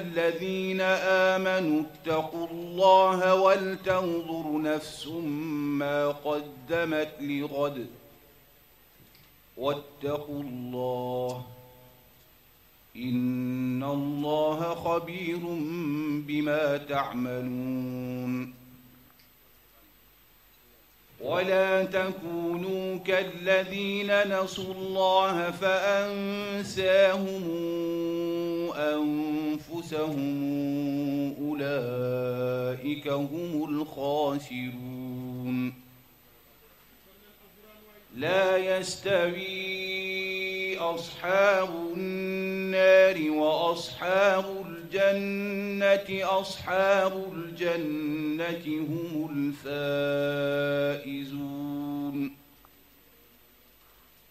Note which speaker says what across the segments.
Speaker 1: الذين آمنوا اتقوا الله ولتنظر نفس ما قدمت لغد واتقوا الله إن الله خبير بما تعملون ولا تكونوا كالذين نسوا الله فأنساهم أنفسهم أولئك هم الخاسرون لا يستوي أصحاب النار وأصحاب الجنة أصحاب الجنة هم الفائزون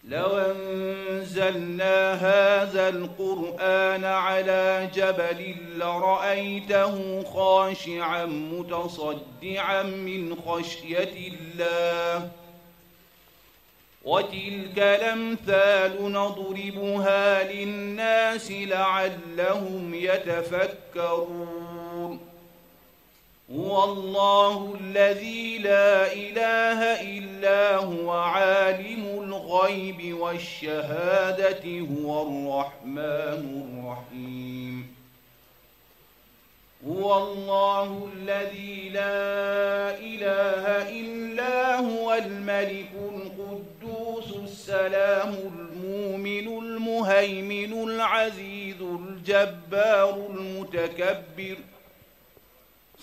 Speaker 1: لو أنزلنا هذا القرآن على جبل لرأيته خاشعا متصدعا من خشية الله وتلك الأمثال نضربها للناس لعلهم يتفكرون هو الله الذي لا إله إلا هو عالم الغيب والشهادة هو الرحمن الرحيم هو الله الذي لا إله إلا هو الملك القدوس السلام المؤمن المهيمن العزيز الجبار المتكبر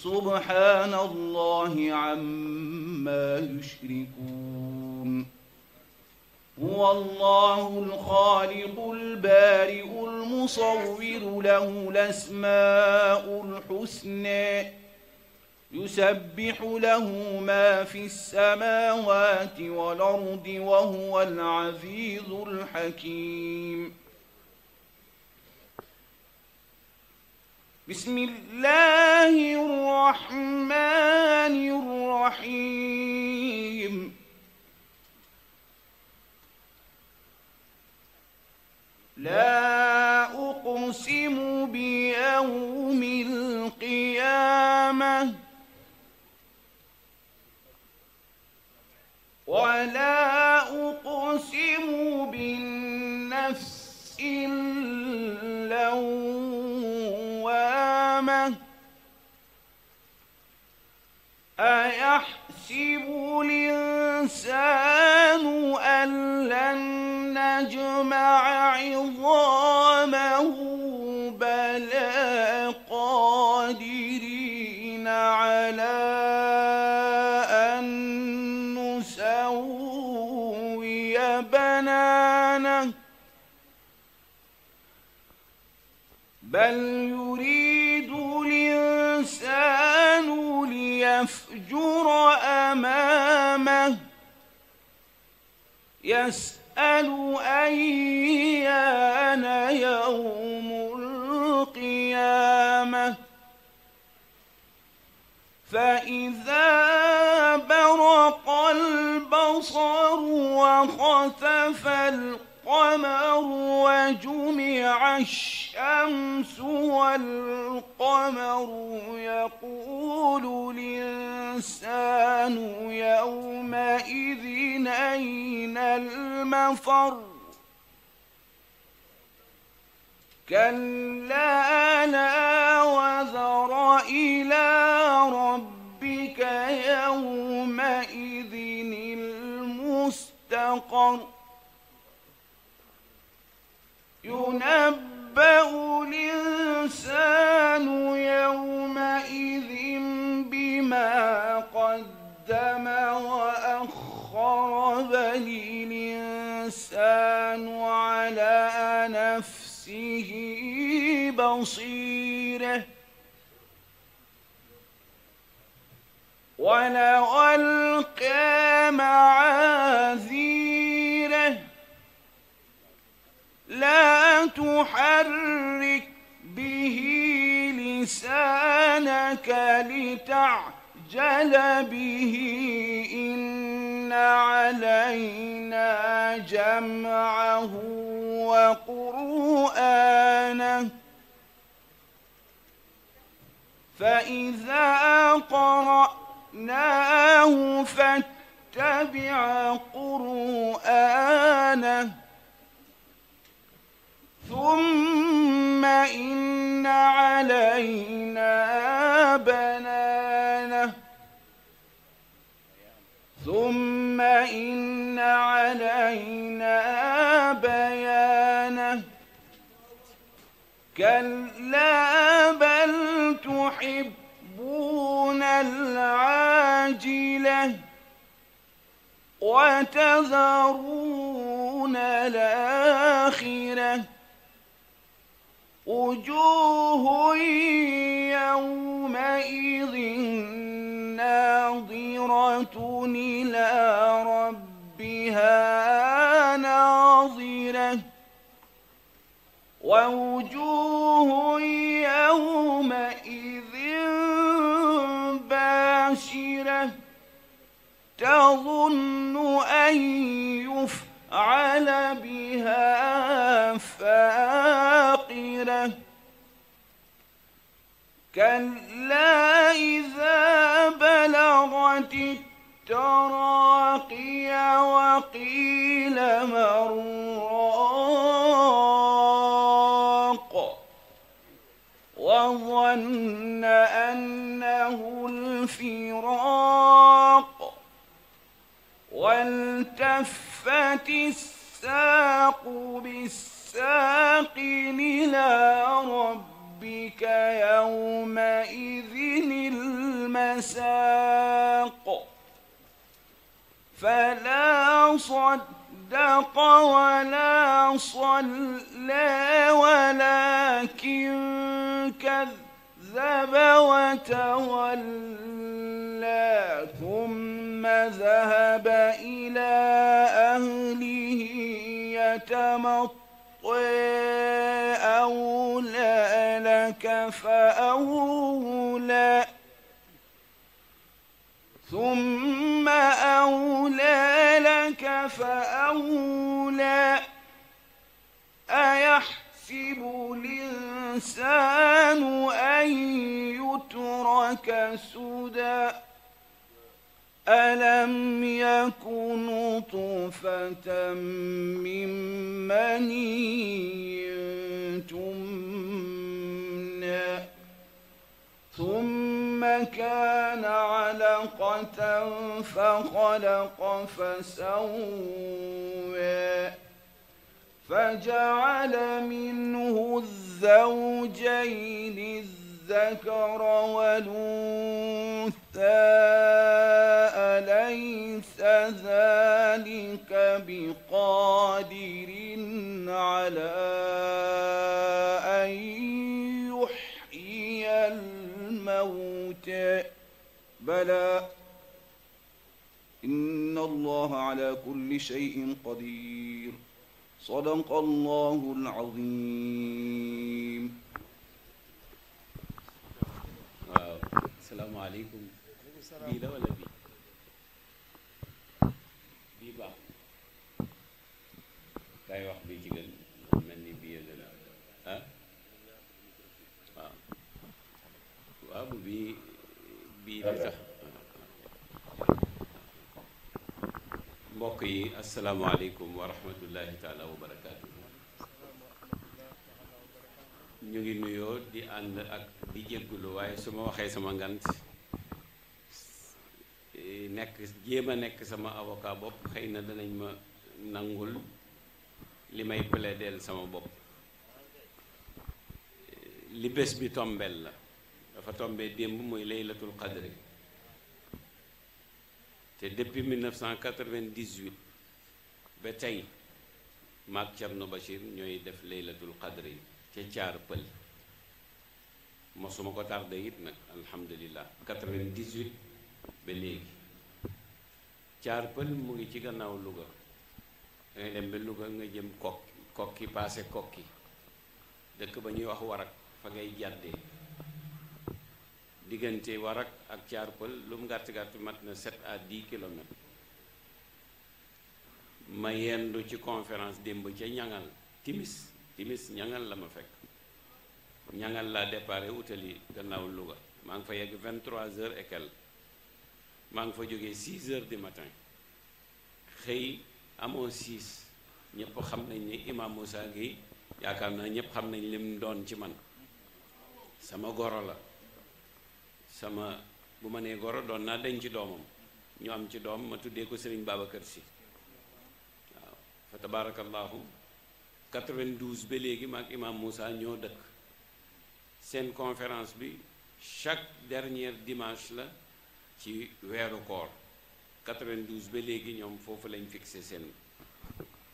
Speaker 1: سبحان الله عما يشركون هو الله الخالق البارئ المصور له الأسماء الحسنى يسبح له ما في السماوات والأرض وهو العزيز الحكيم بسم الله الرحمن الرحيم فلا أقسم بالنفس اللوامة أيحسب الإنسان أن لن نجمع عظامه بل يريد الإنسان ليفجر أمامه يسأل أيان يوم القيامة فإذا برق البصر وخسف القلب القمر وجمع الشمس والقمر يقول الإنسان يومئذ أين المفر كلا لا وزر إلى رب ينبأ الإنسان يومئذ بما قدم وأخر بل الإنسان على نفسه بصيره ولو ألقى معاذيره لا تحرك به لسانك لتعجل به إن علينا جمعه وقرآنه فإذا قرأناه فاتبع قرآنه ثم إن علينا بنانه ثم إن علينا بيانه كلا بل تحبون العاجلة وتذرون الآخرة وجوه يومئذ ناظرة إلى ربها ناظرة ووجوه يومئذ باشرة تظن أن يفعل بها فاعل كلا إذا بلغت التراقي وقيل مراق وظن أنه الفراق والتفت الساق بالساق إلى رب ربك يومئذ المساق فلا صدق ولا صلى ولكن كذب وتولى ثم ذهب إلى أهله يتمطى فأولى ثم أولى لك فأولى أيحسب الإنسان أن يترك سدى ألم يكن طفة من مني ثم ثم كان علقة فخلق فسوى
Speaker 2: فجعل
Speaker 1: منه الزوجين الذكر والأنثى أليس ذلك بقادر على أن الموت بلى إن الله على كل شيء قدير صدق الله العظيم السلام عليكم bii la wala bii bii baax
Speaker 2: kay wax bii ci gën mel ni bii la ah waaw bii bii ah, di mbokk yi asalaamaaleykum wa rahmatullahi taala wa ñu ngi nuyoo di ànd ak di jéggulu waaye su ma waxee sama ngant nekk jéem a nekk sama avocat bopp xëy na danañ ma nangul li may plaideel sama bopp li bés bi tombel la dafa tombé démb mooy laylatul qadri te depuis 1998 ba tey maag Thierno Bachir ñooy def laylatul qadri ca caar pël mosuma ko tardé it nag alhamdulilah 98 ba léegi caar pël mu ngi ci gannaaw Louga dangay dem ba Louga nga jëm kokki kokki paase kokki dëkk ba ñuy wax warak fa ngay jàddee diggante Warak ak Thiar Pël lu mu gàtt gàtt mat na 7 à 10 kilomètres ma yendu ci conférence démb ca ñangal timis timis ñangal la ma fekk ñangal laa déparé utali gannaaw Louga maa ngi fa yegg 23 heures et maa ngi fa jóge 6 heures du matin xëy amoo 6 ñëpp xam nañ ni imam Moussa Gueye yaakaar naa ñëpp xam nañ lim doon ci man sama goro la sama bu ma nee goro doon naa dañ ci doomam ñu am ci doom ma tuddee ko sëriñ Babacar si waaw fa tabaarakallaahu 92 ba léegi maag imaam Moussa ñoo dëkk seen conférence bi chaque dernier dimanche la ci weeru koor 92 ba léegi ñoom foofu lañ fixe seen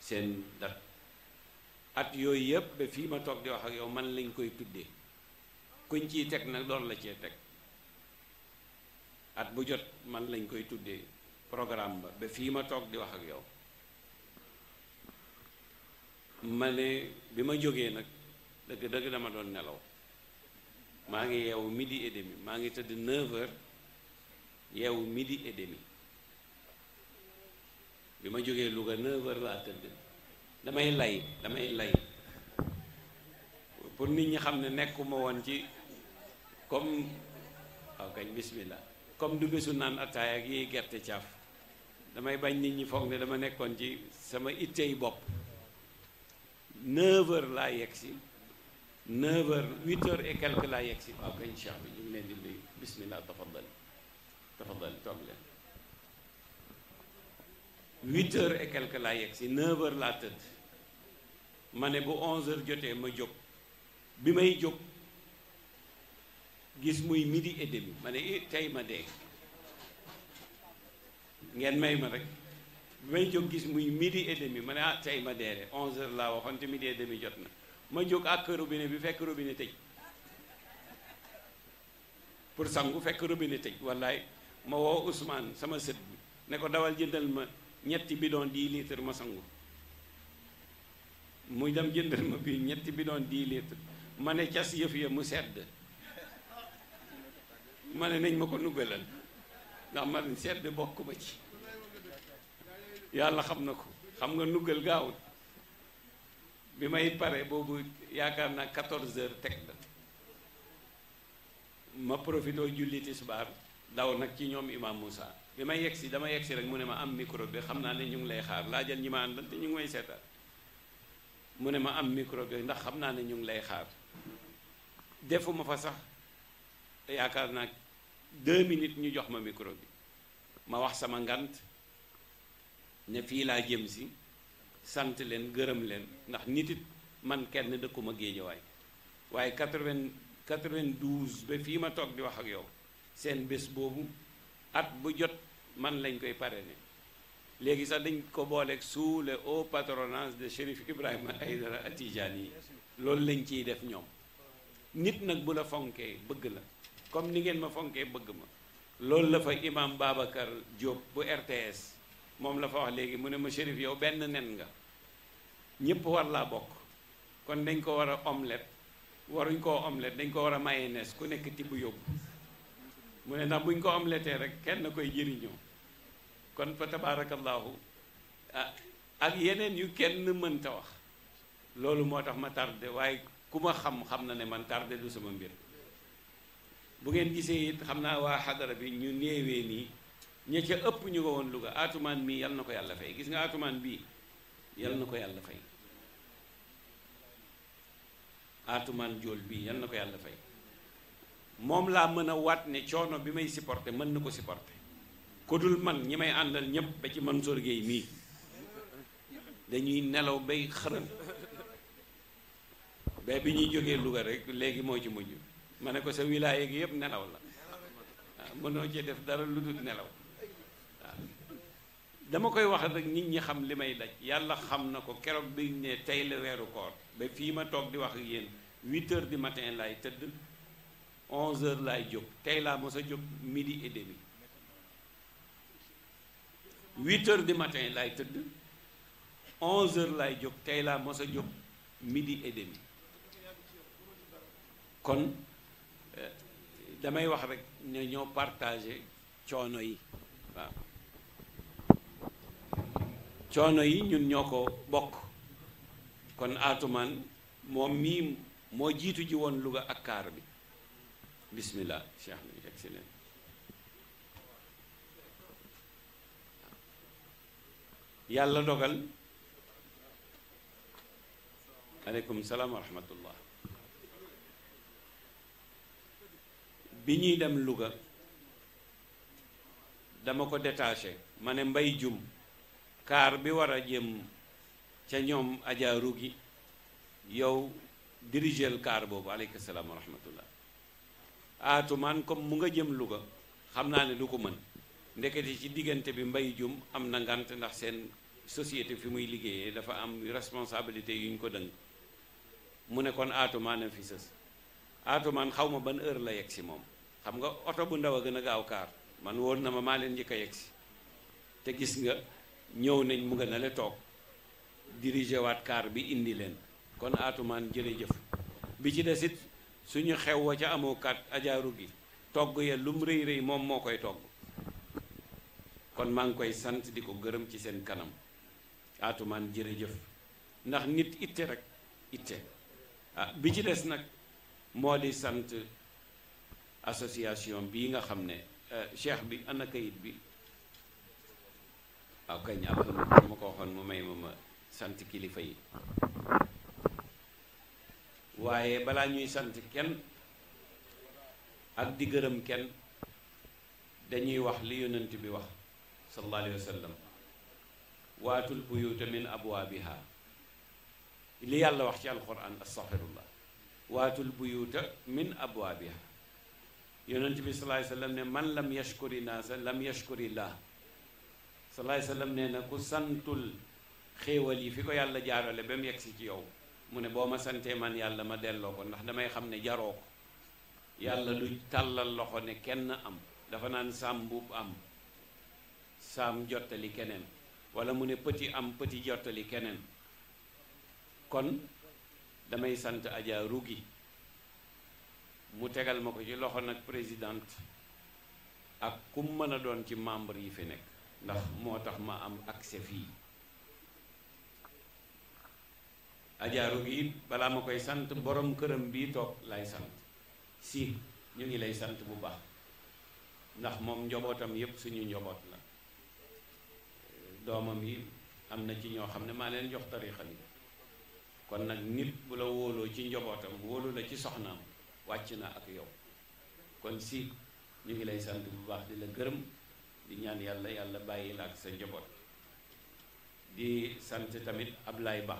Speaker 2: seen dat at yooyu yëpp ba ma toog di wax ak yow man lañ koy tuddee kuñ ciy teg nag doon la cee teg at bu jot man lañ koy tuddee programme ba ba fii ma toog di wax ak yow ma ne bi ma jógee nag dëgg dëgg dama doon nelaw maa ngi yeewu midi et maa ngi tëdd 9 heures yeewu midi et bi ma jógee Louga 9 laa tëdd damay lay damay lay pour nit ñi xam ne nekkuma woon ci comme waaw kañ bismillah comme du bésu naan ataaya ak yi gerte caaf damay bañ nit ñi foog ne dama nekkoon ci sama ittey bopp 9 heures laa yegg si 9 heures 8 heures et quelque laa yegg si waaw kay incha allah ñu ngi leen di nuyu bismillah tafadal tafadal toog leen 8 heures et quelque laa yegg si 9 heures laa tëdd ma ne bu 11 heures jotee ma jóg bi may jóg. gis muy midi et ma ne eh, tey ma dee ngeen may ma rek may jóg gis muy midi et ma ne ah tey ma dee de onze heures laa waxoon te midi et jot na ma jóg ak robinet bi fekk robine tëj pour sangu fekk robinet tëj wallaay ma woo Ousmane sama sët bi ne ko dawal jëndal ma ñetti bidon dix liitar ma sangu muy dem jëndal ma bii ñetti bidon dix litres ma ne cas yëf ya mu sedd ma ne nañ ma ko nubelal ndax man sedd bokk ma ci yàlla xam na ko xam nga nuggal gaawul bi may pare boobu yaakaar naa quatorze heures teg la ma profitoo julli tisbaar daw nag ci ñoom imam Moussa bi ma yegg si dama yegg si rek mu ne ma am micro bi xam naa ne ñu ngi lay xaar laajal ñi ma te ñu ngi may seetaan mu ne ma am micro bi ndax xam naa ne ñu ngi lay xaar defuma fa sax te yaakaar naa deux minutes ñu jox ma micro bi ma wax sama ngant ne fii laa jëm si sant leen gërëm leen ndax nit it man kenn dëkkuma géejawaay waaye quatre-vingt quatre-vingt-douze ba fii ma toog di wax ak yow seen bés boobu at bu jot man lañ koy parrainé léegi sax dañ ko booleeg sous le haut patronage de Chérif Ibrahima dara Atijani yi loolu lañ ciy def ñoom nit nag bu la fonkee bëgg la comme ni ngeen ma fonkee bëgg ma loolu la fa imam Babacar Diop bu RTS moom la fa wax léegi mu ne ma Chérif yow benn nen nga ñépp war laa bokk kon dañ ko war a omelette waruñ koo omelette dañ ko war a mayonnaise ku nekk tibb yóbbu mu ne ndax buñ ko omelettee rek kenn koy jëriñoo kon fa tabaarakallaahu ah, ak yeneen yu kenn mënta wax loolu moo tax ma tardé waaye ku ma xam xam na ne man tarde du sama mbir bu ngeen gisee it xam naa waa xadara bi ñu néewee nii ña ca ëpp ñu ko woon Louga atumaan mii yal na ko yàlla fay gis nga atumaan bii yal na ko yàlla fay atumaan jool bii yal na ko yàlla fay moom laa mën a wat ne coono bi may supporté mën na ko supporté ku dul man ñi may àndal ñépp ba ci man Gueye mii dañuy nelaw bay xërëm ba bi ñuy jógee Louga rek léegi moo ci mujj ma ne ko sa wilaaye gi yëpp nelaw la waaw ah, mënoo cee def dara lu dul nelaw ah. dama koy wax rek nit ñi xam li may daj yàlla xam na ko keroog bi ne tey la koor ba fii ma toog di wax ak yéen huit heures du matin laay tëdd onze heures laay jóg tey laa mos a jóg midi et demi huit laay tëdd onze heures laay jóg tey laa mos a jóg midi et kon damay wax rekk ne ñoo partagé coono yi waaw coono yi ñun ñoo ko bokk kon atumaan moom mii moo jiitu ji woon Louga ak kaar bi bismillah Cheikh na yegg yàlla dogal aleykum salaam wa rahmatullah bi ñuy dem Louga dama ko détaché ma ne mbay jum kaar bi war a jëm ca ñoom ajaaru gi yow dirigeel kaar boobu aleyka salaam wa rahmatullah aatumaan comme mu nga jëm Louga xam naa ne du ko mën ndekete ci diggante bi mbay jum am na ngant ndax seen société fi muy liggéeyee dafa am responsabilité yu ñu ko dënk mu ne kon aatumaan fi sës aatu xaw ma ban heure la yegg si moom xam nga oto bu ndaw a gën a gaaw kaar man woon na ma maa leen njëkk a yegg te gis nga ñëw nañ mu nga na le toog dirigé waat kaar bi indi leen kon atumaan man jërëjëf bi ci des it suñu xew wa ca amoo kat ajaaru gi togg ya lum rëy rëy moom moo koy togg kon maa ngi koy sant di ko gërëm ci seen kanam aatumaan jërëjëf ndax nit itte rek itte ah bi ci des nag moo di sant association bii nga xam ne euh, cheikh bi ana kayit bi ak kañ alhamdulilah ma ko waxoon mu may ma ma sant kilifa yi waaye balaa ñuy sant kenn ak di gërëm kenn dañuy wax li yonent bi wax sallallahu waatul buyuta min abwaabiha li yàlla wax ci alquran astaghfirullah waatul buyuuta min abwaabiha yonent bi salaay sallam ne man lam yashkuri naasa lam yashkuri laa salaay sallam nee na ku santul xéewal yi fi ko yàlla jaarale ba mu yegsi ci yow mu ne boo ma santee man yàlla ma delloo ko ndax damay xam ne jaroo ko yàlla du tàllal loxo ne kenn am dafa naan saam mbuub am saam jottali keneen wala mu ne petit am petit jottali keneen kon damay sant ajaaru gi mu tegal ma ko ci loxo nag présidente ak kum mën a doon ci membre yi fi nekk ndax moo tax ma am accès fii Adja gi balaa ma koy sant borom këram bii toog lay sant si ñu ngi lay sant bu baax ndax moom njobootam yépp suñu njoboot la doomam yi am na ci ñoo xam ne maa leen jox tarixa bi kon nag nit bu la wóoloo ci njobootam wóolu la ci soxnaam wàcc na ak yow kon si ñu ngi lay sant bu baax di la gërëm di ñaan yàlla yàlla bàyyi la ak sa njaboot di sant tamit Ablaye Ba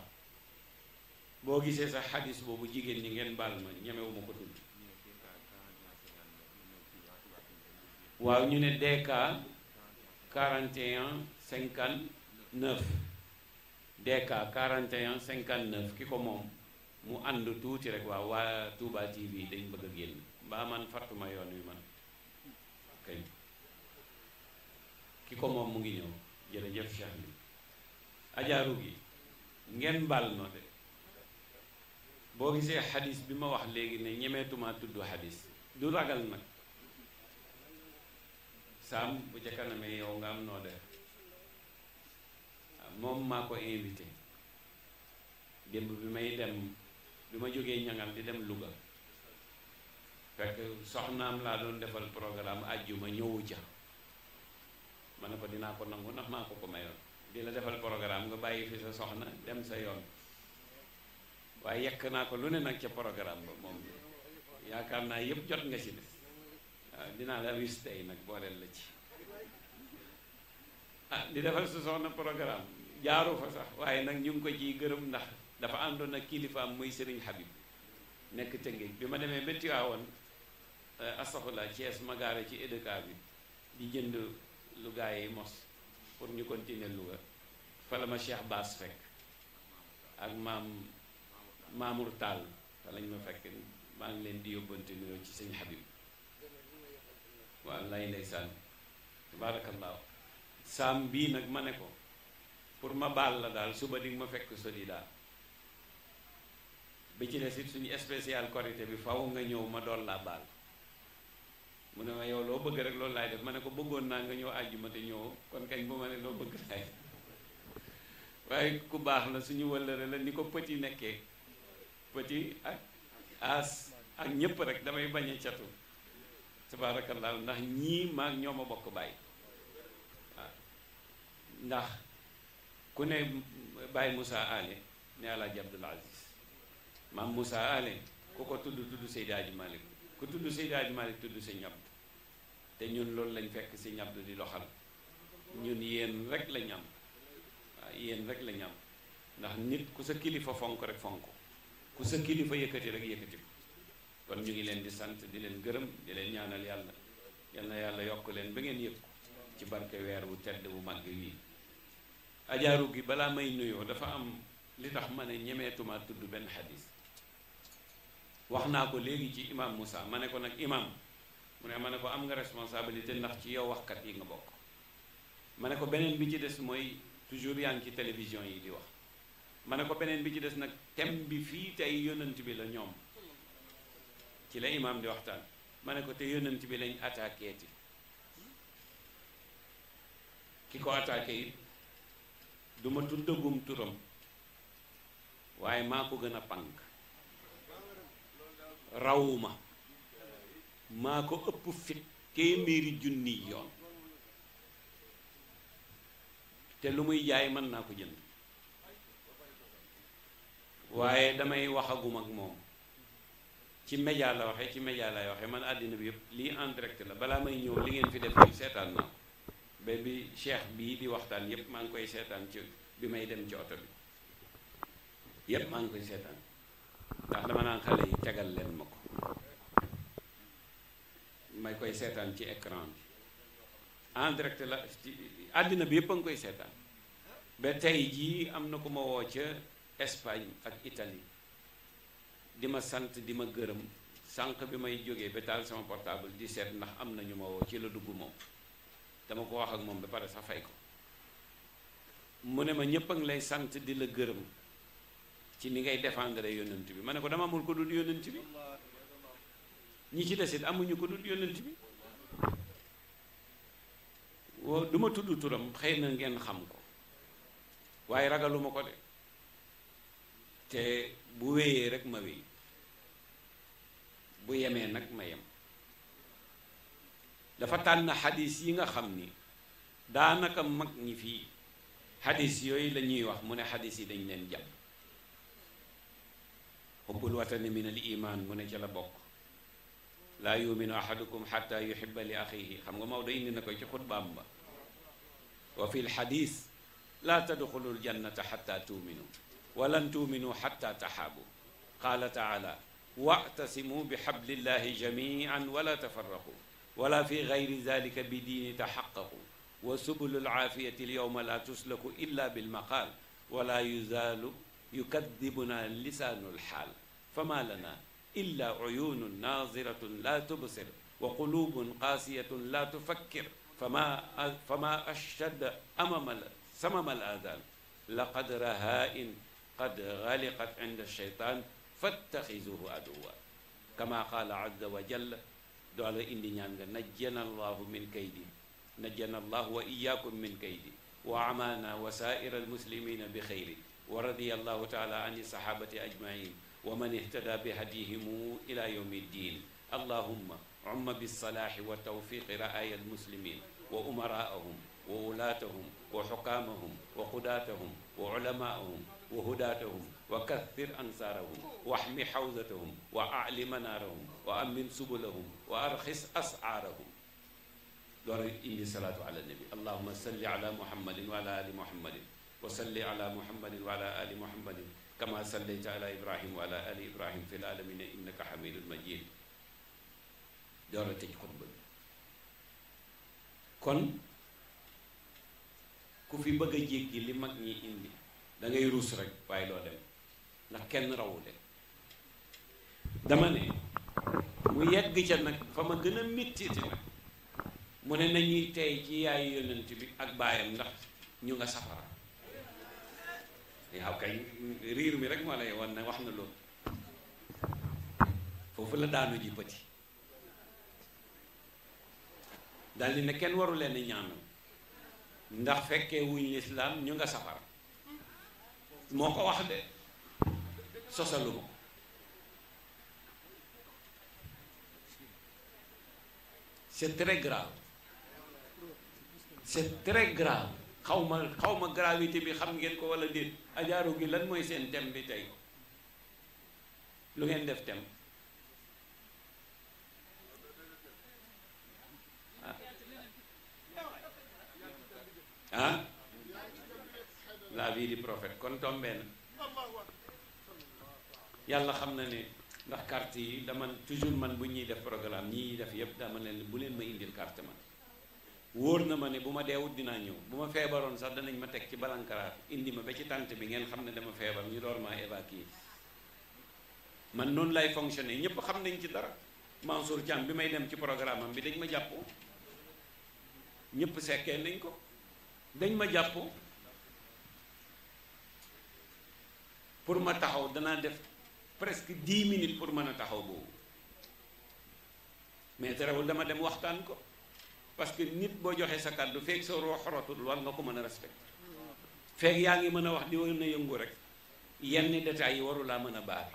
Speaker 2: boo gisee sa xadis boobu jigéen ñi ngeen baal ma ñemewuma ko tudd waaw ñu ne DK 41 59 DK 41 59 ki ko moom mu ànd tuuti rek waaw waa Touba TV dañ bëgg a génn mbaa man fàttuma yoon wi man kay ki ko moom mu ngi ñëw jërëjëf Cheikh bi ajaaru gi ngeen baal ma de boo gisee xadis bi ma wax léegi ne ñemeetuma tudd xadis du ragal nag saam bu ca kanamee nga am noo def moom maa ko invité démb bi may dem bi ma jógee ñangal di dem Louga fekk soxnaam laa doon defal programme àjjuma ñëwu ca man ne ko dinaa ko nangu ndax maa ko ko mayoon di la defal programme nga bàyyi fi sa soxna dem sa yoon waaye yekk naa ko lu ne nag ca programme ba moom yaakaar naa yëpp jot nga ci de waaw dinaa la wis nag booleel la ci ah di defal sa soxna programme jaaru fa sax waaye nag ñu ngi ko ji gërëm ndax dafa àndoon ak kilifaam muy Serigne Habib nekk Tëngéej bi ma demee ba Tiwaawoon eh, astaxula Thiès ma gaare ci EDECA bi di jënd lu gaa yi mos pour ñu continuer Louga fa la ma Cheikh baas fekk ak maam Mamour Tall fa lañ ma fekk maa ngi leen di yóbbante nuyoo ci sëñ Habib waaw lay ndeysaan tabaarakallaahu saam bii nag ma ne ko pour ma baal la daal suba di ma fekk soli daal bi ci des it suñu spécial korité bi faw nga ñëw ma doon laa baal mu ne ma yow loo bëgg rek loolu laay def ma ne ko bëggoon naa nga ñëw àjjuma te ñëwoo kon kañ bu ma ne loo bëgg laay waaye ku baax la suñu wëllëre la ni ko petit nekkee petit ak as ak ñépp rek damay bañ a catu tabaarakallah ndax ñii maag ñoo ma bokk bàyyi waaw ndax ku ne Baye Moussa ale ne Alaaji Abdul Aziz maam Moussa Allé ku ko tudd tudd Seydi Hadji Malick ku tudd Seydi Hadji Malick tudd Sëñ Abdu te ñun loolu lañ fekk Sëñ Abdu di doxal ñun yéen rek la ñam waaw yéen rek la ñam ndax nit ku sa kilifa fonk rek fonk ku sa kilifa yëkkati rek yëkkati ko kon ñu ngi leen di sant di leen gërëm di leen ñaanal yàlla yal na yàlla yokk leen ba ngeen yëg ci barke weer wu tedd wu màgg yii ajaaru gi balaa may nuyoo dafa am li tax ma ne ñemeetuma tudd benn xadis wax naa ko léegi ci imam Moussa ma ne ko nag imam mu ne ma ne ko am nga responsabilité ndax ci yow waxkat yi nga bokk ma ne ko beneen bi ci des mooy toujours yaa ngi ci télévision yi di wax ma ne ko beneen bi ci des nag thème bi fii tey yonent bi la ñoom ci la imam di waxtaan ma ne ko te yonent bi lañ attaqué ti ki ko attaqué duma ma tuddagum turam waaye maa ko gën a pànk rawuma maa ko ëpp fit téeméeri junni yoon te lu muy jaay mën naa ko jënd waaye damay waxagum ak moom ci média la waxee ci média lay waxe man àddina bi yëpp lii en direct la balaa may ñëw li ngeen fi def bi seetaan naa ba bi cheikh bii di waxtaan yépp maa ngi koy seetaan ci bi may dem ci oto bi yépp maa ngi koy seetaan ndax dama naan xale yi tegal leen ma ko may koy seetaan ci écran bi en direct la àddina bi yépp a ngi koy seetaan ba tey jii am na ku ma woo ca Espagne ak Italie di ma sant di ma gërëm sanq bi may jógee ba taal sama portable di seet ndax am na ñu ma woo ci la dugg moom dama ko wax ak moom ba pare sa fay ko mu ne ma ñëpp a lay sant di la gërëm ci ni ngay défendre yonent bi ma ne ko dama amul ko dul yonent bi ñi ci desit amuñu ko dul yonent bi wo tudd turam xëy na ngeen xam ko waaye ragaluma ko de te bu wéyee rek ma wéy bu yemee nag ma yem dafa tànn xadis yi nga xam ni daanaka mag ñi fii xadis yooyu la ñuy wax mu ne xadis yi dañ leen jàpp xubbul watani min al iman mu ne ca la bokk laa yuminu ahadukum xata yuhiba li axihi xam nga Maodo indi na ko ci xutbaam ba wa fi lxadis laa tadxulu ljannata xata tuuminu walan tuuminu xata taxaabu qaala taala wa'tasimu bi xablillahi jamian wala tafarraqu wala fi gayri zalika bi diini taxaqaqu wa subulu alcaafiyati alyowma la tuslaku illa bilmaqaal wala yuzaalu yukadibuna lisaanu alxaal fama lana illa uyunun naziratun la tubsir wa qulubun qaasiyatun la tufakkir fama fama ashadda amama samama al aadaan laqad rahaa'in qad galiqat inda alcheytaan fattaxizuhu aduwa kama qaala azza wa jalla doola indi ñaan nga najjana allahu min kaydi najjana allahu wa iyaakum min kaydi wa amaana wa saaira almuslimina bi xeyri wa radia allahu taala an saxaabati ajmain wa man ihtada bi hadihimu ila yawmi ddin allahumma umma bisalaaxi wa tawfiqi raaya almuslimin wa umaraahum wa ulaatahum wa xukaamahum wa qudaatahum wa ulamaahum wa hudaatahum wa kathir ansaarahum waxmi xawzatahum wa aali manaarahum wa amin subulahum wa arxis asaarahum door indi salaatu ala nabi allahuma salli ala muhammadin wa ala ali muhammadin wa salli ala muhammadin wa ala ali muhammadin kama sallayta ala ibrahim wa ala ali ibrahim fi lalamina innaka xamidun majid door a tëj xutba bi kon ku fi bëgg a jéggi li mag ñi indi da ngay ruus rek waaye loo dem ndax kenn rawule dama ne mu yegg ca nag fa ma gën a méttiti nag mu ne nañuy tey ci yaayu yonent bi ak baayam ndax ñu nga safara waaw kañ riir mi rek moo lay wan wax na loolu foofu la daanu ji pëti dal di ne kenn waru leen ñaanal ndax fekkee wuñu lislaam ñu nga safara moo ko wax de sosalu ma c'est très grave c'est très grave xaw ma xaw bi xam ngeen ko wala déet ajaaru gi lan mooy seen thème bi tey lu ngeen def thème ah, ah?
Speaker 3: la vie du prophète kon
Speaker 2: tombé na yàlla xam na ne ndax kart yi dama toujours man bu ñuy def programme ñii def yëpp dama leen bu leen ma indil carte man wóor na ma ne bu ma deewut dinaa ñëw bu ma feebaroon sax danañ ma teg ci balankaraar indi ma ba ci tànt bi ngeen xam ne dama feebar ñu door maa évacuer man noonu lay fonctionner ñëpp xam nañ ci dara Mansour Thiam bi may dem ci programme bi dañ ma jàppoo ñëpp sekkee nañ ko dañ ma jàpp pour ma taxaw danaa def presque dix minutes pour mën a taxaw boobu mais terewul dama dem waxtaan ko parce que nit boo joxee sa kàddu feeg sa roo xorotul war nga ko mën a respecté feeg yaa ngi mën a wax di war na yëngu rek yenn détails yi waru laa mën a baax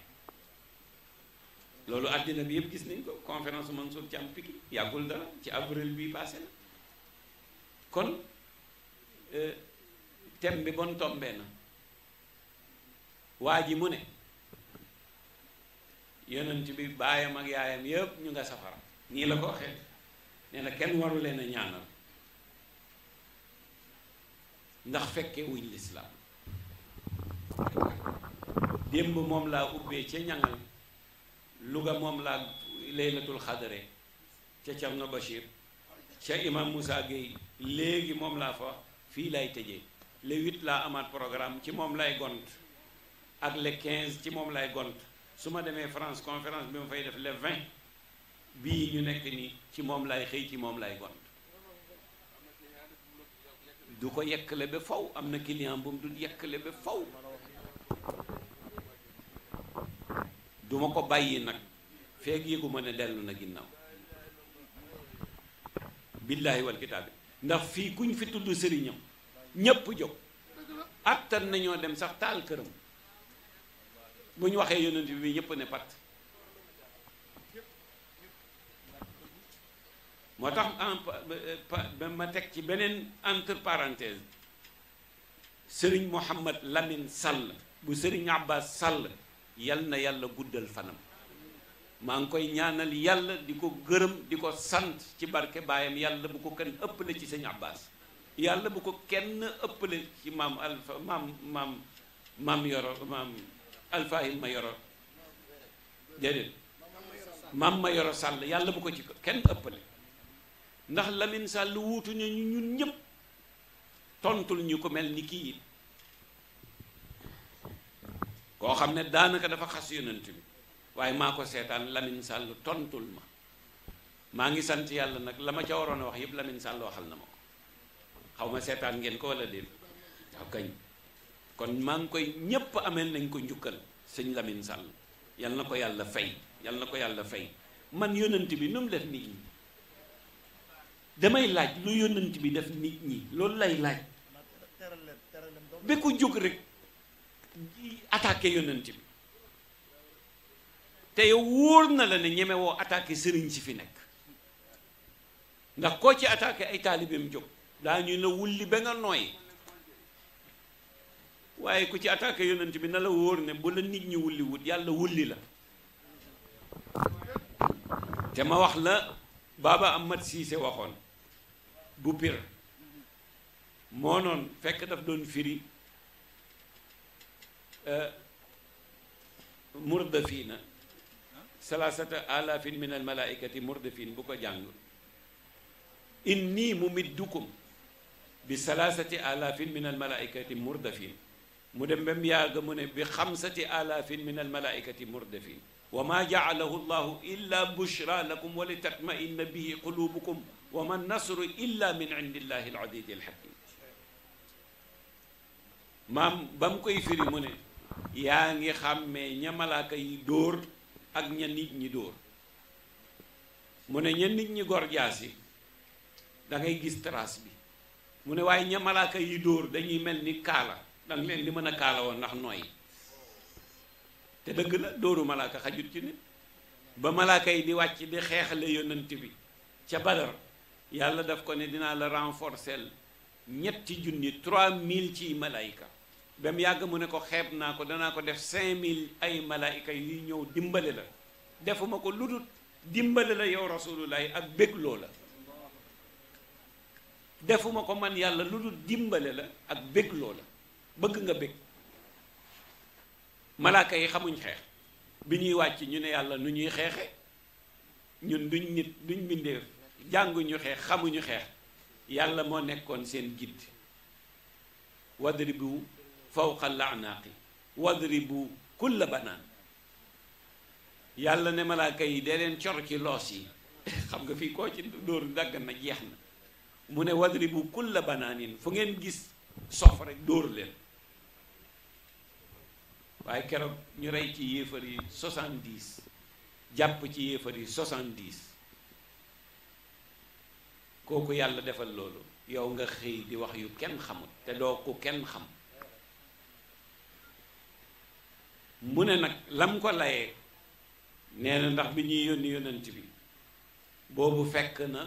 Speaker 2: loolu àddina bi yëpp gis nañ ko conférence Mansour Thiam Piki yàggul dara ci avril bi passé na kon euh, thème bi bon tombee na waa ji mu ne yonent bi baayam ak yaayam yépp ñu nga safara nii la ko waxee nee na kenn waru leen a ndax fekke wuñ lislaam démb moom laa ubbee ca ñangal Louga moom laa laylatul xadare ca Cerno Bachir ca imam Moussa Gueye léegi moom laa fa fii lay tëjee le huit laa amaat programme ci moom lay gont ak le quinze ci moom lay gont su ma demee France conférence bi ma fay def le 20 bii ñu nekk nii ci moom lay xëy ci moom lay gont du ko yekkale ba faw am na client bu mu dul yekkale ba faw du ma ko bàyyi nag feeg yëguma ne dellu na ginnaaw billaahi wal kitaabi ndax fii kuñ fi tudd sëriñam ñépp jóg attan nañoo dem sax taal këram bu ñu waxee yonent bi ñëpp ne pat moo tax ma teg ci beneen entre parenthèse sëriñ Mouhamad lamin sàll bu sëriñ Abbas Sall yal na yàlla guddal fanam maa ngi koy ñaanal yàlla di ko gërëm di ko sant ci barke baayam yàlla bu ko kenn ëppale ci sëñ Abbas yàlla bu ko kenn ëppale ci maam Alpha maam maam maam Yoro maam. alfaahil ma yoro déedéet maam ma yoro sàll yàlla bu ko ci kenn ëppale ndax lamin Sall wuutu ñu ñun ñëpp tontul ñu ko mel ni kii it koo xam ne daanaka dafa xas yonent bi waaye maa ko seetaan Lamine Sall tontul ma maa ngi sant yàlla nag la ma ca waroon a wax yëpp Lamine Sall waxal na ma ko xaw ma seetaan ngeen ko walla déet waaw kañ kon maa ngi koy ñépp amee nañ ko njukkal sëñ Lamine Sall yal na ko yàlla fay yal na ko yàlla fay man yonent bi nu mu def nit ñi damay laaj lu yonent bi def nit ñi loolu lay laaj ba ko jóg rek attaqué yonent bi te yow wóor na la ne ñemewoo attaqué sëriñ si fi nekk ndax koo ci attaqué ay taalibeem jóg daa ñu la wulli ba nga nooy waaye ku ci attaqué yonent bi na la wóor ne bu la nit ñi wulli wut yàlla wulli la te ma wax la baaba Ahmad Cissé waxoon bu pir moo noon fekk daf doon firi euh, murdafina salaasata alaafin min almalaaikati murdafin bu ko in jàng inni mumiddukum bi salaasati alaafin min almalaaikati murdafin mu dem ba mu yàgg mu ne bi xamsati alaafin min almalaikati murdafin wa ma jaalahu llahu illa bushra lakum wa li tatmainna bihi qulubukum wa ma nasru illa min indillahi alazizi alhakim maam ba mu koy firi mu ne yaa ngi xàmmee ña malaaka yi dóor ak ña nit ñi dóor mu ne ña nit ñi gor jaasi da gis trace bi mu ne waaye ña malaaka yi dóor dañuy mel ni kaala danga leen li mën a kaalawoo ndax nooy te dëgg na dooru malaaka xajut ci nit ba malaaka yi di wàcc di xeexale yonant bi ca Badar yàlla daf ko ne dinaa la renforcer ñetti junni 3000 ci malaayika ba yàgg mu ne ko xeeb naa ko danaa ko def 5000 ay malaayika yu ñëw dimbale la defuma ko lu dul dimbale la yow rasulullahi ak bégloo la defuma ko man yàlla lu dul dimbale la ak bégloo la bëgg nga bëgg malaaka yi xamuñ xeex bi ñuy wàcc ñu ne yàlla nu ñuy xeexe ñun duñ nit duñ mbindeef jànguñu xeex xamuñu xeex yàlla moo nekkoon seen gidd wadribu fawqa lanaaqi wadribu kulla banaan yàlla ne malaaka yi dee leen cor ci loos yi xam nga fi koo ci dóor dagg na jeex na mu ne bu kulla banaanin fu ngeen gis sof rek dóor leen waaye keroog ñu rey ci yéefar yi soixante-dix jàpp ci yéefar yi soixante-dix kooku yàlla defal loolu yow nga xëy di wax yu kenn xamul te doo ko kenn xam mu ne nag lam ko layee nee na ndax bi ñuy yónni yónnent bi boobu fekk na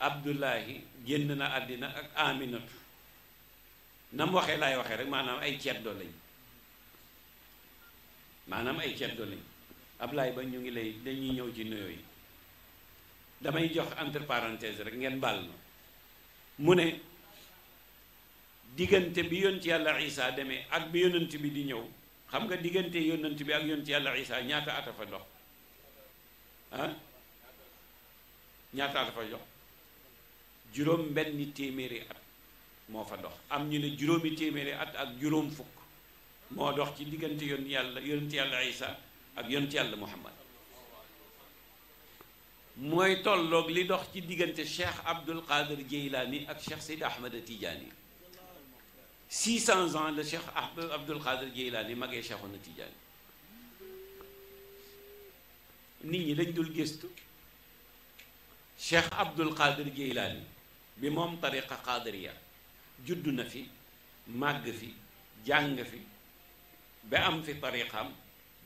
Speaker 2: Abdullahi génn na àddina ak Aminatu nam waxee laay waxee rek maanaam ay ceddo lañ maanaam ay ceddo lañ Ablaay ba ñu ngi lay dañuy ñëw ci nuyoo yi damay jox entre rek ngeen baal ma mu ne diggante bi yoon yonent yàlla Isaa demee ak bi yonent bi di ñëw xam nga diggante yonent bi ak yonent yàlla Isaa ñaata ata fa dox ah ñaata ata fa dox juróom benn téeméeri at moo fa dox am ñu ne juróomi téeméeri at ak juróom fukk moo dox ci diggante yoon yàlla yonent yàlla Isa ak yonent yàlla Muhammad mooy tolloog li dox ci diggante Cheikh Abdul Qadir Jeylaani ak Cheikh Seydi Ahmad Tijaani 600 ans la Cheikh Abdul Qadir Jeylaani magee Cheikhuna Tijaani nit ñi lañ dul gëstu Cheikh Abdul Qadir Jeylaani bi moom tariqa qadiriya judd na fi màgg fi jàng fi ba am fi tariqaam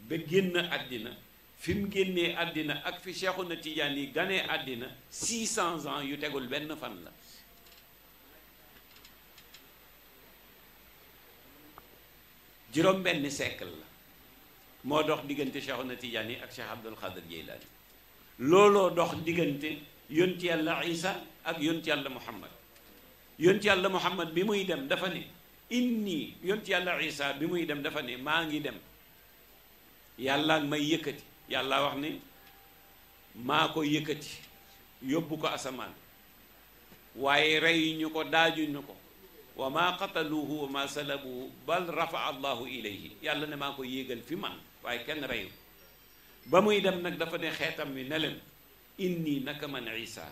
Speaker 2: ba génn àddina fi mu génnee àddina ak fi Cheikhuna Tidiane yi ganee àddina 600 ans yu tegul benn fan la juróom benn siècle la moo dox diggante Cheikhuna Tidiane yi ak Cheikh Abdul Xaadir Jeylaani looloo dox diggante yonent yàlla Isa ak yonent yàlla Muhammad yonent yàlla Muhammad bi muy dem dafa ne inni yont yàlla isa bi muy dem dafa ne maa ngi dem yàlla may yëkkati yàlla wax ne maa ko yëkkati yóbbu ko asamaan waaye reyuñu ko daajuñu ko wa maa qataluuhu wa maa salabuhu bal rafaa allahu ilayhi yàlla ne maa ko yéegal fi man waaye kenn reyu ba muy dem nag dafa ne xeetam wi ne leen inni naka man isa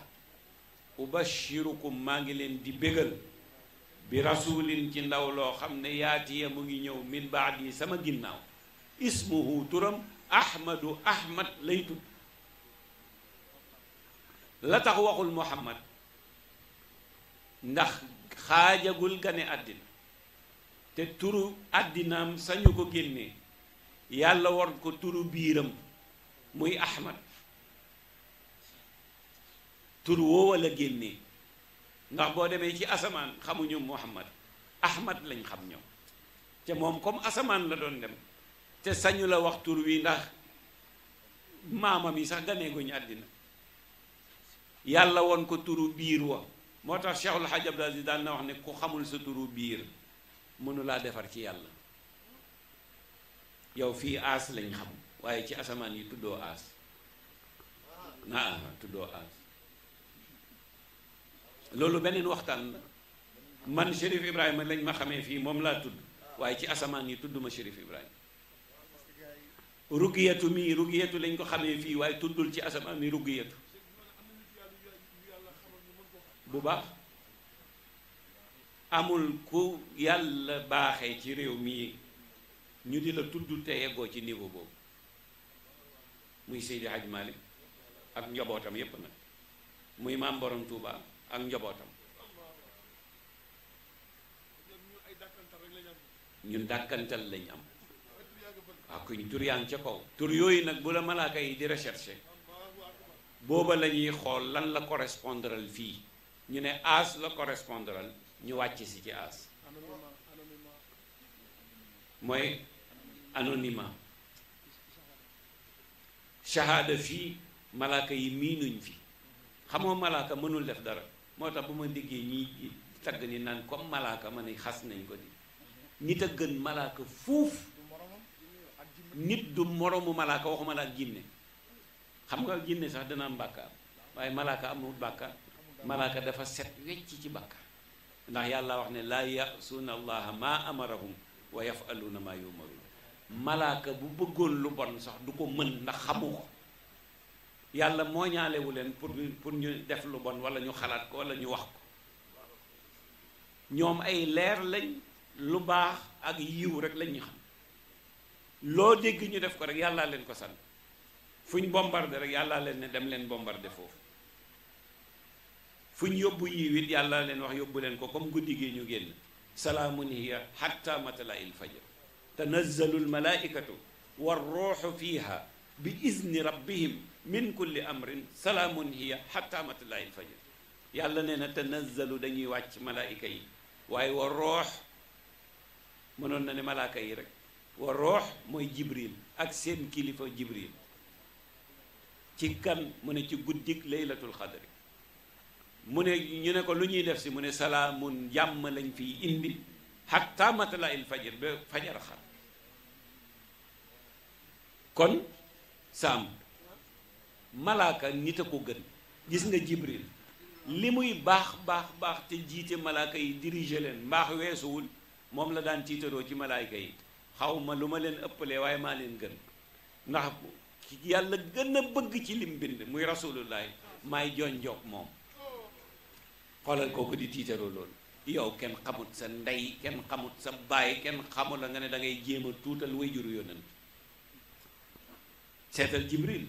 Speaker 2: ubashirukum maa ngi leen di bégal bi rasulin ci ndaw loo xam ne yaatiya mu ngi ñëw min baad yi sama ginnaaw ismuhu turam ahmadu ahmad lay tudd la tax waxul muhammad ndax xaajagul gane àddina te turu àddinaam sañu ko génnee yàlla war ko turu biiram muy ahmad turu woowa la génnee ndax boo demee ci asamaan xamuñu Muhammad Ahmad lañ xam ñoom te moom comme asamaan la doon dem te sañu la wax tur wi ndax maamam yi sax ganeeguñu àddina yàlla woon ko turu biir wa moo tax Cheikhul Hadj daal Aziz daan na wax ne ku xamul sa turu biir mënulaa defar ci yàlla yow fii aas lañ xam waaye ci asamaan yi tuddoo aas naa tuddoo aas loolu beneen waxtaan man Chérif Ibrahima lañ ma xamee fii moom laa tudd waaye ci asamaan yi tudd ma Chérif Ibrahima rugiyatu mii rugiyatu lañ ko xamee fii waaye tuddul ci asamaan mi rugiyatu bu baax amul ku yàlla baaxe ci réew mii ñu di la tudd te yeggoo ci niveau boobu muy Seydi Hadj Malick ak njobootam yépp nag muy maam borom Touba. ak njabootam ñun dàkkantal lañ am waaw kuñ tur yaa kaw tur yooyu nag bu la malaaka yi di recherche booba la ñuy xool lan la correspondral fii ñu ne aas la correspondral ñu wàcc si ci aas mooy anonymat shahaada fii malaaka yi miinuñ fi xamoo malaaka mënul def dara moo tax bu ma déggee ñi tagg ni naan comme malaaka ma ni xas nañ ko di nit a gën malaaka fuuf nit du moroomu malaaka waxuma la ak xam nga jinne sax dana am waaye malaaka amul bàkkaar malaaka dafa set wecc ci bàkkaar ndax yàlla wax ne laa yasuuna allaha maa amarahum wa yafaluuna maa yumaruun malaaka bu bëggoon lu bon sax du ko mën ndax xamu ko yàlla moo ñaalewu leen pour ñu pour ñu def lu bon wala ñu xalaat ko walla ñu wax ko ñoom ay leer lañ lu baax ak yiw rek lañ ñu xam loo dégg ñu def ko rek yàlla leen ko sant fu ñu bombardé rek yàlla leen ne dem leen bombarde foofu fu ñu yóbbu yiw it yàllaa leen wax yóbbu leen ko comme guddi gi ñu génn salaamun hiya hatta matla il fajr tanazzalu al malaikatu war ruuxu fiha bi izni rabbihim min kulli amrin salaamun hiya xatta matlaay alfajir yàlla nee na tanazzalu dañuy wàcc malaayika yi waaye wa roox mënoon na ne malaaka yi rek wa mooy jibril ak seen kilifa jibril ci kan mu ne ci guddik laylatul xadri mu ne ñu ne ko lu ñuy def si mu ne salaamun jàmm lañ fi indi xatta matlaay alfajir ba fajar xar kon saam malaaka nit a ko gën gis nga jibril li muy baax baax baax te jiite malaaka yi diriger leen mbaax weesuwul moom la daan tiitaroo ci malaayka yi xaw ma lu ma leen ëppalee waaye maa leen gën ndax bu yàlla gën a bëgg ci lim bind muy may maay jonjoog moom xoolal kooku di tiitaroo loolu yow kenn xamut sa ndey kenn xamut sa baay kenn xamul la nga ne da ngay jéem a tuutal way juru yonent seetal jibril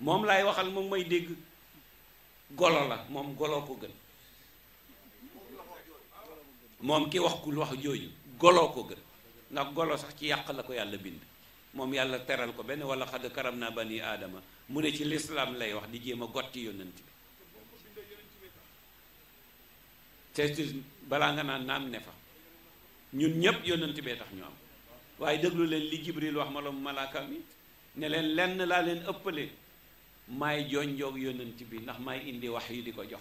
Speaker 2: moom laay waxal moom may dégg golo la moom golo ko gën moom ki wax ku wax jooju golo ko gën ndax golo sax ci yàq la ko yàlla bind moom yàlla teral ko benn wala xad karam naa bani aadama mu ne ci lislaam lay wax di jéem a gotti yonent bi te balaa nga naan naam ne fa ñun ñépp yonent bee tax ñu am waaye déglu leen li jibril wax ma la malaaka mi ne leen lenn laa leen ëppale maay jonjoog yonent bi ndax maay indi wax yu di ko jox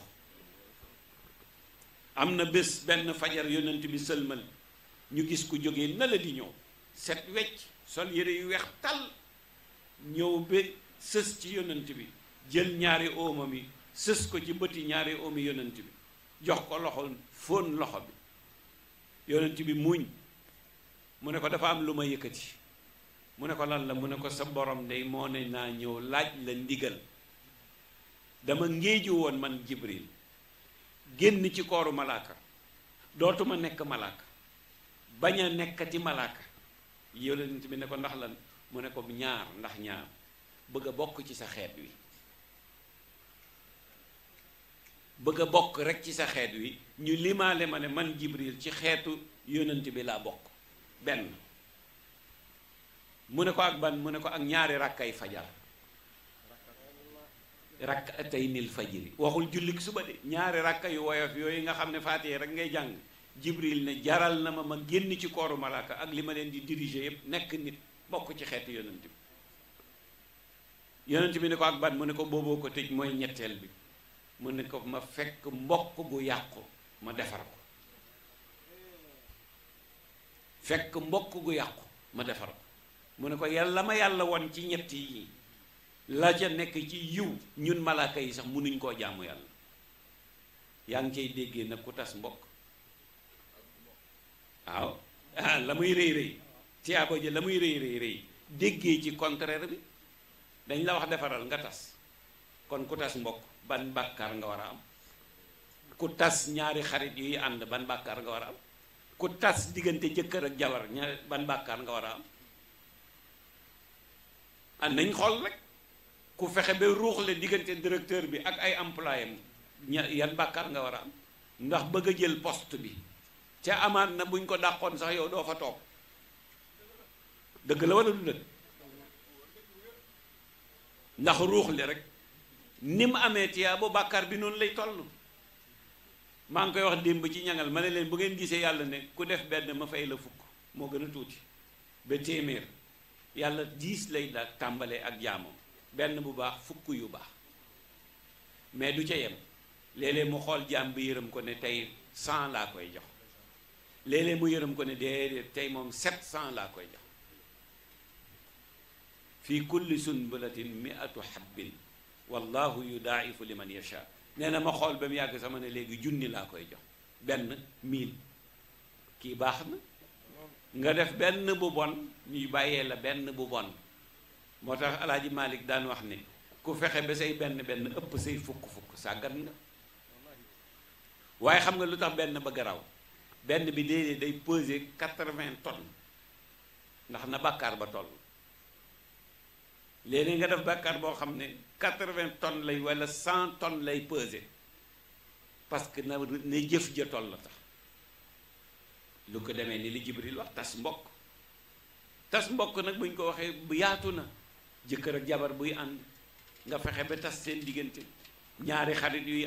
Speaker 2: am na bés benn fajar yonent bi sëlmal ñu gis ku jógee na la di ñëw set wecc sol yére yu weex tal ñëw ba sës ci yonent bi jël ñaari oomam yi sës ko ci bëti ñaari oomi yonent bi jox ko loxo fóon loxo bi yonent bi muñ mu ne ko dafa am lu ma yëkkati mu ne ko lan la mu ne ko sa borom day moo ne naa ñëw laaj la ndigal dama ngéeju woon man jibril génn ci kooru malaaka dootuma nekk malaaka bañ a nekkati malaaka yonent bi ne ko ndax lan mu ne ko ñaar ndax ñaar bëgg a bokk ci sa xeet wi bëgg a bokk rek ci sa xeet wi ñu limaale ma ne man jibril ci xeetu yonent bi laa bokk benn mu ne ko ak ban mu ne ko ak ñaari rakkay fajar rakk tey nil fajiri waxul jullik suba de ñaari rakka yu woyof yooyu nga xam ne faatiyee rek ngay jàng jibril ne jaral na ma ma génn ci kooru malaaka ak li ma leen di diriger yépp nekk nit bokk ci xeeti yonent bi yonent bi ne ko ak ban mu ne ko booboo ko tëj mooy ñetteel bi mu ne ko ma fekk mbokk gu yàqu ma defar ko fekk mbokk gu yàqu ma defar ko mu ne ko yàlla ma yàlla won ci ñett yi la ca nekk ci yiw ñun malaaka yi sax mënuñ koo jàmm yàlla yaa ngi cay déggee nag ku tas mbokk waaw ah, la muy rëy rëy tiyaaba ji la muy rëy rëy déggee ci contraire bi dañ la wax defaral nga tas kon ku tas mbokk ban bàkkaar nga war a am ku tas ñaari xarit yuy ànd ban bàkkaar nga war a am ku tas diggante jëkkër ak jabar ña ban bàkkaar nga war a am ah nañ xool rek ku fexe ba ruuxle diggante directeur bi ak ay employé ña yan bàkkaar nga war a am ndax bëgg a jël poste bi ca amaat na buñ ko dàqoon sax yow doo fa toog dëgg la wala du dëgg ndax ruuxle rek ni mu amee tiyaa bu bàkkaar bi noonu lay toll maa ngi koy wax démb ci ñangal ma ne leen bu ngeen gisee yàlla ne ku def benn ma fay la fukk moo gën a tuuti ba téeméer yàlla diis lay da tàmbalee ak jaamam benn bu baax fukk yu baax mais du ca yem léeg-léeg mu xool jaam bi yërëm ko ne tey cent laa koy jox léeg-léeg mu yërëm ko ne déedéet tey moom sept cent laa koy jox fi kulli sunbulatin miatu habbin wallahu yudaa'ifu liman yasha nee na ma xool ba mu yàgg sama ne léegi junni laa koy jox benn mille kii baax na nga def benn bu bon ñuy bàyyee la benn bu bon moo tax alaaji Malick daan wax ni ku fexe ba say benn benn ëpp say fukk-fukk sàggan nga waaye xam nga lu tax benn ba garaw benn bi déedéet day peser quatre-vingts ton ndax na bàkkaar ba toll léegi nga def bàkkaar boo xam ne quatre vingt tonnes lay walla cent tonnes lay peser parce que na ne jëf ja toll la tax lu ko demee ni li Jibril wax tas mbokk tas mbokk nag buñ ko waxee bu yaatu na jëkkër ak jabar buy ànd nga fexe ba tas seen diggante ñaari xarit yuy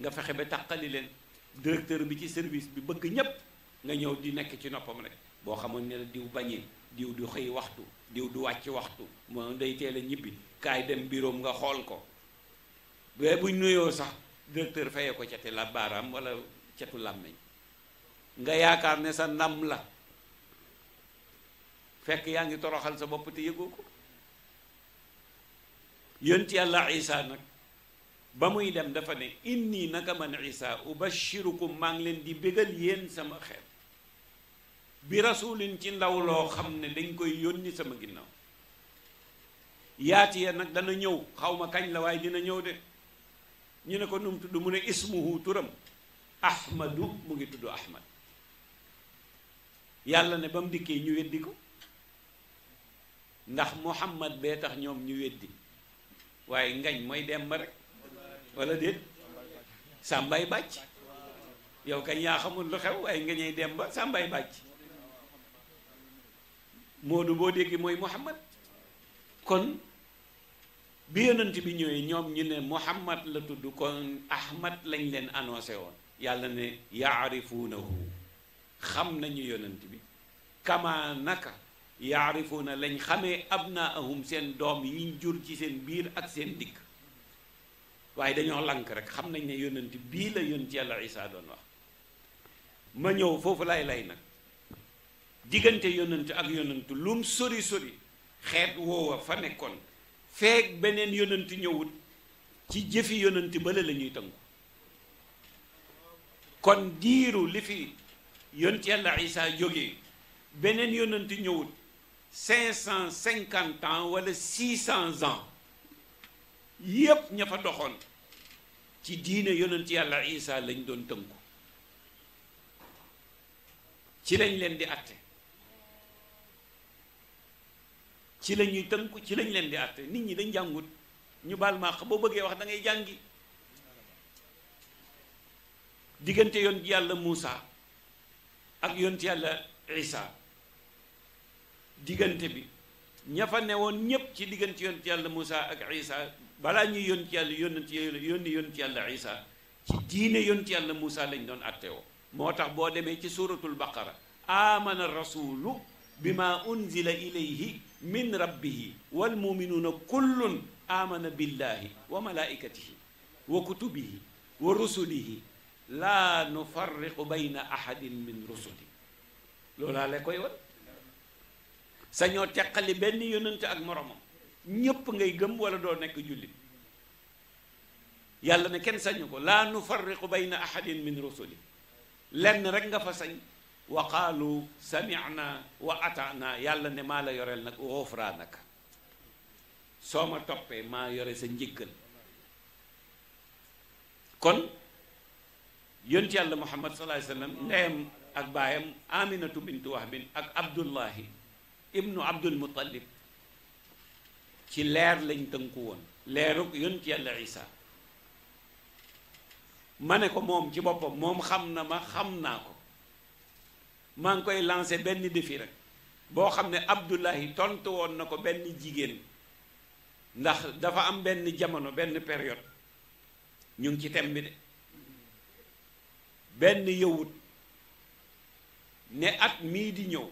Speaker 2: nga fexe ba taqali leen directeur bi ci service bi bëgg ñépp nga ñëw di nekk ci noppam rek boo xamoon ne la diw bañee diw du xëy waxtu diw du wàcc waxtu moo day teel a ñibbi kaay dem biroom nga xool ko ba buñ nuyoo sax directeur fayee ko cati la baaraam wala cetu làmmiñ nga yaakaar ne sa ndam la fekk yaa ngi toroxal sa bopp te yëgoo ko yonti yàlla isa nag ba muy dem dafa ne inni naka man isa ubashirukum maa ngi leen di bégal yéen sama xeet bi rasulin ci ndaw loo xam ne dañ koy yónni sama ginnaaw yaati ya nag dana ñëw xaw ma kañ la waaye dina ñëw de ñu ne ko num tudd mu ne ismuhu turam ahmadu mu ngi tudd ahmad yàlla ne ba mu dikkee ñu weddi ko ndax muhammad bee tax ñoom ñu weddi waaye ngañ mooy dem ba rek wala déet sàmbay bàcc yow kañ yaa xamul lu xew waaye ngañay dem ba sàmbay bàcc moodu boo dégg mooy muhammad kon bi yonent bi ñëwee ñoom ñu ne muhammad la tudd kon ahmad lañ leen annoncé woon yàlla ne yaarifuunahu xam nañu yonent bi kama naka yaarifuuna lañ xamee abnaahum seen doom yi jur ci seen biir ak seen dikk waaye dañoo lank rek xam nañ ne yonent bii la yón ci yàlla isa doon wax ma ñëw foofu lay lay nag diggante yonent ak yonent lum sori sori xeet woowa fa nekkoon feek beneen yonent ñëwut ci jëfi yonent bale la ñuy tënku kon diiru li yonent yàlla Isa jógee beneen yonent ñëwut cinq cent cinquante ans wala six cent ans yépp ña fa doxoon ci diine yonent yàlla isaa lañ doon tënku ci lañ leen di atte ci la ñuy tënku ci lañ leen di nit ñi dañ jàngut ñu baal maax boo bëggee wax dangay ngay jàngi diggante yoon yàlla Muusa ak yonent yàlla isa diggante bi ña fa ne woon ñépp ci diggante yonent yàlla Moussa ak isa balaa ñuy yoon yonent yàlla yónnent yónni yonent yàlla isa ci diine yonent yàlla Moussa lañ doon atte moo tax boo demee ci suuratul baqara amana rasulu bima unzila ilayhi min rabbihi wal muminuuna kullun amana billahi wa malaikatihi wa kutubihi wa rusulihi laa nufarriqu bayna ahadin min rusuli loolaa la koy wan sañoo teqali benn yonent ak moromam ñépp ngay gëm wala doo nekk jullit yàlla ne kenn sañu ko laa nufarriqu bayna ahadin min rusuli lenn rek nga fa sañ wa qaalu samina wa atana yàlla ne maa la yoreel nag ghufraanaka soo ma toppee maa yore sa njëggal kon yonent yàlla muhammad sallallahu alayhi wasallam ndeyam ak baayam aminatu bintu wahbin ak abdullahi ibnu abdul muttalib ci leer lañ tënku woon leeruk yonent yàlla isa ma ne ko moom ci boppam moom xam na ma xam naa ko maa ngi koy lancé benn défi rek boo xam ne abdullahi tontu woon na ko benn jigéen ndax dafa am benn jamono benn période ñu ngi ci thème bi de benn yëwut ne at mii di ñëw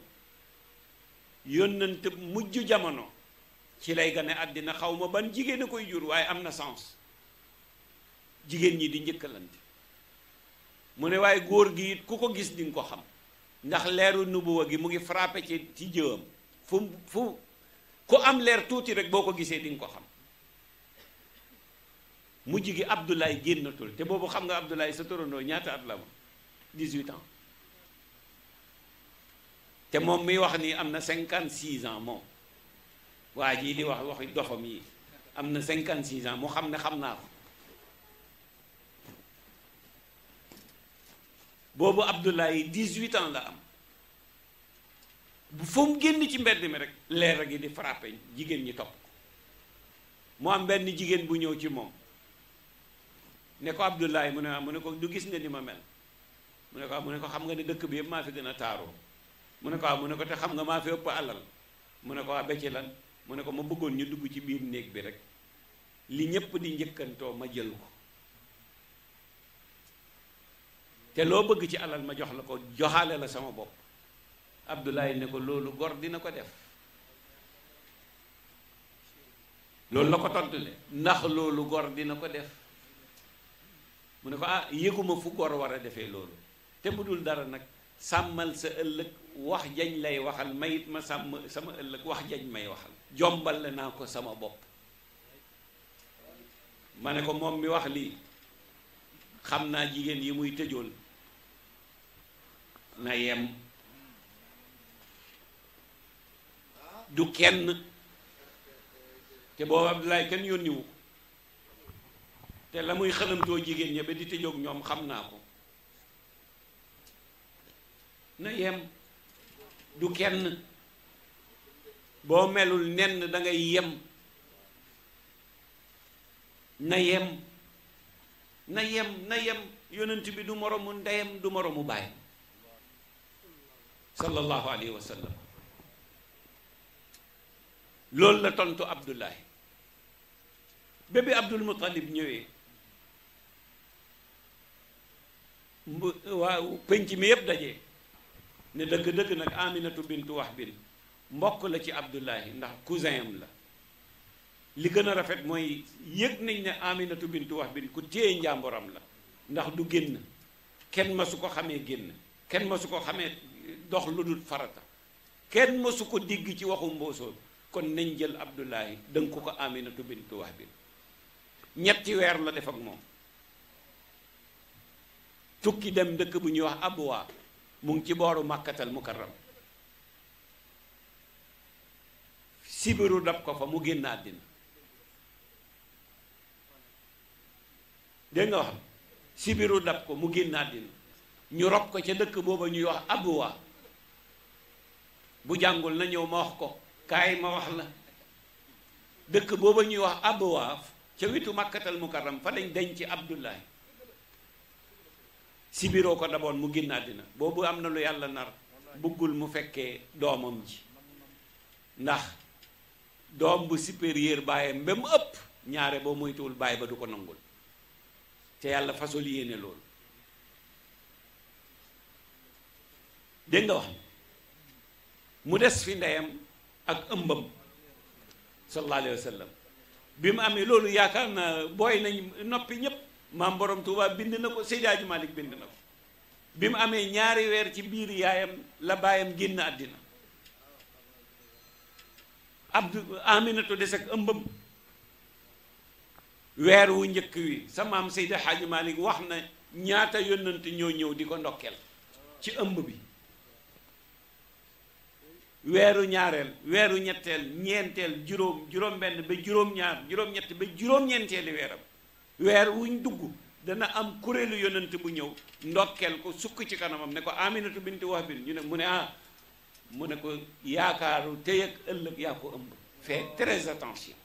Speaker 2: yónnante mujj jamono ci lay gane àddina xaw ma ban jigéen a koy jur waaye am na sens jigéen ñi di njëkkalante mu ne waaye góor gi it ku ko gis di nga ko xam ndax leeru nubuwa gi mu ngi frappé ci ci jëwam fu fu ku am leer tuuti rek boo ko gisee di nga ko xam mu mujj gi Abdoulaye génnatul te boobu xam nga Abdoulaye sa torondoo ñaata at la ma 18 ans te moom mi wax nii am na 56 ans moom waa jii di wax waxi doxam yi am na 56 ans mu xam ne xam naa ko boobu Abdoulaye 18 ans la am bu fa mu génn ci mbedd mi rek leera gi di frappé jigéen ñi topp mu am benn jigéen bu ñëw ci moom. ne ko Abdoulaye mu ne mu ne ko du gis nga ni ma mel mu ne ko mu ne ko xam nga ne dëkk bi yëpp maa fi gën a taaroo mu ne ko ah mu ne ko te xam nga maa fi ëpp alal mu ne ko waa ah becc lan mu ne ko ma bëggoon ñu dugg ci biir néeg bi rek li ñépp di njëkkantoo ma jël ko te loo bëgg ci alal ma jox la ko joxale la sama bopp Abdoulaye ne ko loolu gor dina ko def loolu la ko tontu le ndax loolu gor dina ko def mu ne ko ah yëguma fu góor war a defee loolu te bu dul dara nag sàmmal sa ëllëg wax jañ lay waxal mayit ma sàmm sama ëllëg wax jañ may waxal jombal la naa ko sama bopp ma ne ko moom mi wax lii xam naa jigéen yi muy tëjoon na yem du kenn te boobu Abdoulaye kenn yónniwu te la muy xëlamtoo jigéen ña ba di tëjoog ñoom xam naa ko na yem du kenn boo melul nenn dangay yem na yem na yem na yem yonent bi du moromu ndeyam du moromu baayam sallallahu alayhi wa loolu la tontu Abdullahi bébé Abdul Muttalib ñëwee waaw penc mi yépp daje ne dëgg-dëgg nag aminatu bintu wax bin mbokk la ci abdullahi ndax cousin am la li gën a rafet mooy yëg nañ ne aminatu bintu wax bin ku téye njàmboram la ndax du génn kenn ma su ko xamee génn kenn ma su ko xamee dox lu dul farata kenn ma su ko digg ci waxu mbóosóor kon nañ jël abdullahi dënk ko aminatu bintu wax bin ñetti weer la def ak moom tukki dem dëkk bu ñuy wax Abwa mu ci booru Màkkatal Mukarram sibiru dab ko fa mu génn àddina dégg nga wax sibiru dab ko mu génn àddina ñu rob ko ca dëkk booba ñuy wax Abwa bu jàngul na ñëw ma wax ko kaay ma wax la dëkk booba ñuy wax Abwa ca wetu Màkkatal Mukarram fa lañ ci Abdullahi sibiroo ko daboon mu génn àddina boobu am na lu yàlla nar bëggul mu fekkee doomam ji ndax doom bu supérieur baayam ba mu ëpp ñaare boo moytuwul baay ba du ko nangul te yàlla fasol yéene loolu dégg nga wax mu des fi ndeyam ak ëmbam sallallahu alayhi wa sallam bi mu amee loolu yaakaar na booy nañ noppi ñépp maam boroom Touba bind na ko Seydi Hadji bind na ko bi mu amee ñaari weer ci biir yaayam la baayam génn àddina Abdou Aminatu des ak ëmbam weer wu njëkk wi sa maam Seydi Hadji wax na ñaata yónnante ñoo ñëw di ko ndokkeel ci ëmb bi weeru ñaareel weeru ñetteel ñeenteel juróom juróom benn ba juróom ñaar juróom ñett ba juróom ñeenteeli weeram weer wuñ dugg dana am kuréelu yonent bu ñëw ndokkeel ko sukk ci kanamam ne ko aminatu binti bi ñu ne mu ne ah mu ne ko yaakaaru tey ak ëllëg yaa ko ëmb fais très attention